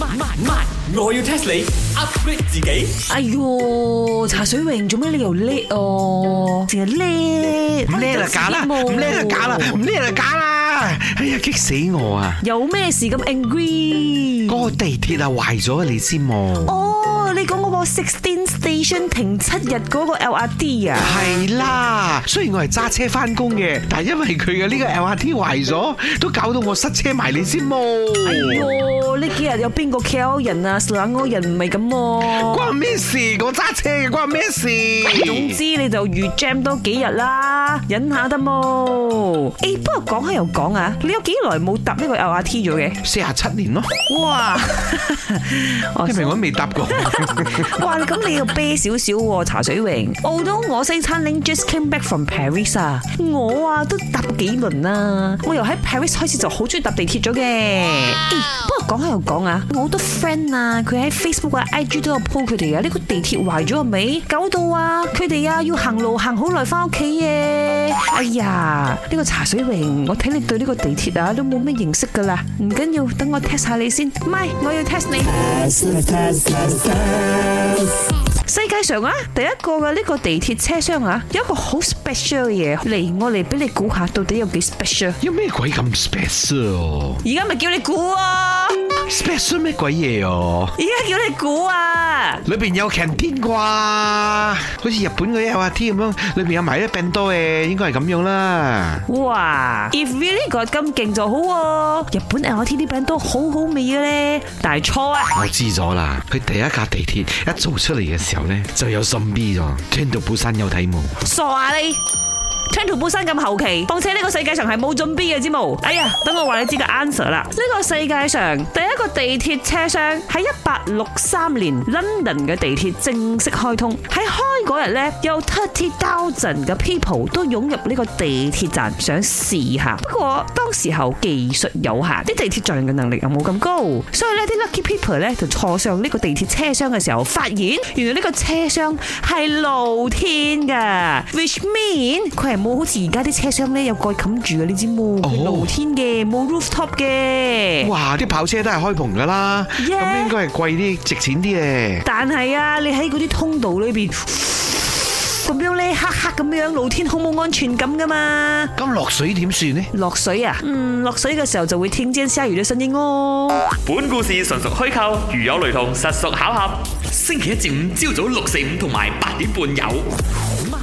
我要 test 你 upgrade 自己。哎喲，茶水榮做咩你又叻哦？成日叻，唔叻就假啦，唔叻就假啦，唔叻就假啦！哎呀，激死我啊！有咩事咁 angry？嗰個地鐵啊壞咗你知冇？哦，你講嗰個 sixteen station 停七日嗰個 L R T 啊，係啦，雖然我係揸車翻工嘅，但係因為佢嘅呢個 L R T 壞咗，都搞到我塞車埋你先冇。哎喲，呢幾日有邊個 KO 人啊？殺我人唔係咁，關咩事？我揸車嘅關咩事？總之你就越 jam 多幾日啦，忍下得冇。誒，不過講開又講啊，你有幾耐冇搭呢個 L R T 咗嘅？四十七年咯。哇，聽明我未搭過。哇，咁你又？啤少少喎，茶水榮。澳洲我西餐廳 just came back from Paris 啊，我啊都搭幾輪啊。我由喺 Paris 開始就好中意搭地鐵咗嘅。Wow. 不過講喺又講啊，我好多 friend 啊，佢喺 Facebook 啊、IG 都有 po 佢哋啊。呢個地鐵壞咗啊，未？搞到啊，佢哋啊要行路行好耐翻屋企嘅。哎呀，呢個茶水榮，我睇你對呢個地鐵啊都冇咩認識㗎啦。唔緊要，等我 test 下你先。咪，我要 test 你。世界上啊，第一個嘅呢個地鐵車廂啊，有一個好 special 嘅嘢嚟，我嚟俾你估下，到底有幾 special？有咩鬼咁 special？而家咪叫你估啊！Special 咩鬼嘢哦？而家叫你估啊！裏邊有 canteen 啩，好似日本嗰啲 LRT 咁樣，裏邊有埋一餅多嘅，應該係咁樣啦。哇！If really 個咁勁就好，啊，日本 LRT 啲餅都好好味嘅咧，大錯啊！我知咗啦，佢第一架地鐵一做出嚟嘅時候咧，就有心 B 咗，聽到寶山有睇冇？傻啊你！t 徒步山咁後期，況且呢個世界上係冇準備嘅之務。哎呀，等我話你知個 answer 啦。呢、呢個世界上第一個地鐵車廂喺一八六三年 London 嘅地鐵正式開通，喺開嗰日呢，有 thirty thousand 嘅 people 都湧入呢個地鐵站想試下。不過當時候技術有限，啲地鐵站嘅能力又冇咁高，所以呢啲 lucky people 呢，就坐上呢個地鐵車廂嘅時候，發現原來呢個車廂係露天嘅，which mean 冇好似而家啲車廂咧，有蓋冚住嘅，你知冇，露天嘅，冇 rooftop 嘅。哇！啲跑車都係開篷噶啦，咁應該係貴啲，值錢啲嘅。但係啊，你喺嗰啲通道裏邊咁樣咧，黑黑咁樣，露天好冇安全感噶嘛？咁落水點算呢？落水啊？嗯，落水嘅時候就會聽見鯊魚嘅聲音咯。本故事純屬虛構，如有雷同，實屬巧合。星期一至五朝早六四五同埋八點半有。